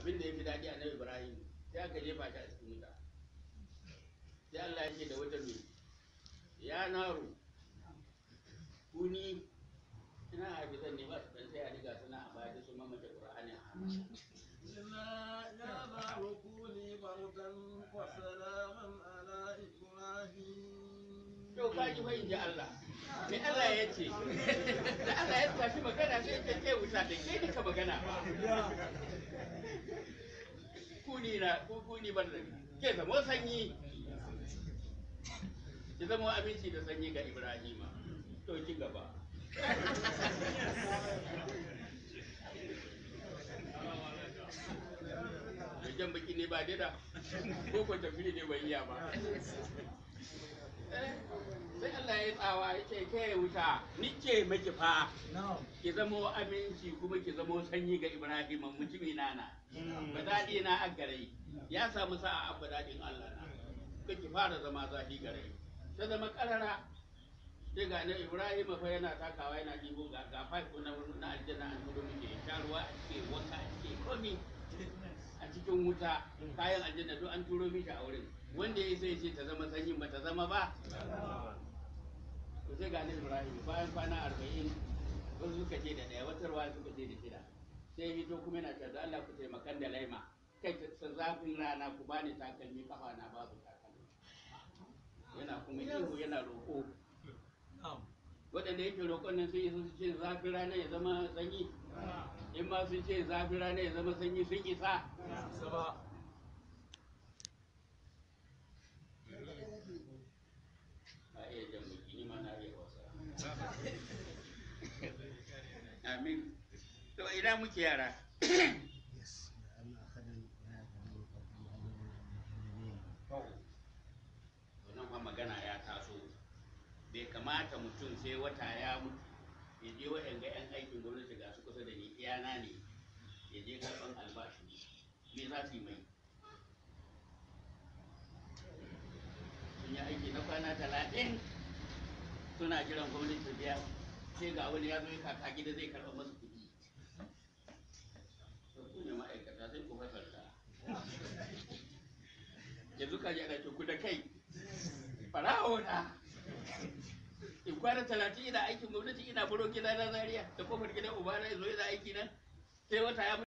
abin da ya fi daɗi annabi ibrahim sai aka jefa shi a cikin wuta sai Allah yake da wata mai ya naru kuni ina hafizan zan ba su dan sai a riga suna a baya da su mamace qur'ani a hannu ya ba rukuni barkan wa salaman ala yau ka ji bai Allah me Allah ya ce da Allah ya tafi magana sai ya ce wuta da kai da ka magana na kukuni ban ke zama sanyi ki zama aminci da sanyi ga ibrahima to ki gaba jan baki ne ba dida ko ko tafiye ne bai iya ba ce ta yi wuta nike miki fa ki zamo aminci kuma ki zamo sanyi ga Ibrahim mutumi nana mm. ba daɗi na a gare mm. ya samu sa a daɗin Allah na ki fara zama zafi gare ta zama ƙarara sai ga na Ibrahim fa yana takawa yana jigo ga ga na na aljanna an gudu muke sharuwa a cikin wata a cikin komi a cikin wuta mm. kayan aljanna duk an turo miki a wurin wanda ya sai ce ta zama sanyin ba ta zama ba Ku sai gani ibrahim bayan kwana arba'in wasu suka je da ɗaya wata ruwa suka je da shida sai hito kuma yana cewa Allah ku taimakan da laima kai ta zafin rana ku bani takalmi kafa na babu takalmi yana kuma ihu yana roƙo waɗanda yake roƙon nan sun yi sun ce zafin rana ya zama sanyi in ma sun ce zafin rana ya zama sanyi sun isa amin to ina muke yara wannan magana ya taso bai kamata mutum sai wata ya mutu ya je wa'yan ga 'yan aikin gwamnati ga su kusa da ni iyana ne ya je karɓar albashi me za su yi mai sun yi aiki na kwana talatin suna jiran gwamnati biya sai ga wani ya zo kaka gida zai karɓa masa kuɗi to ku ma'aikata sai ku yanzu ka ji ana ce ku da kai farawo na in kwana talatin ina aikin gwamnati ina buro gida na zaria da kofar gidan ubana ya zo yana aiki nan sai wata ya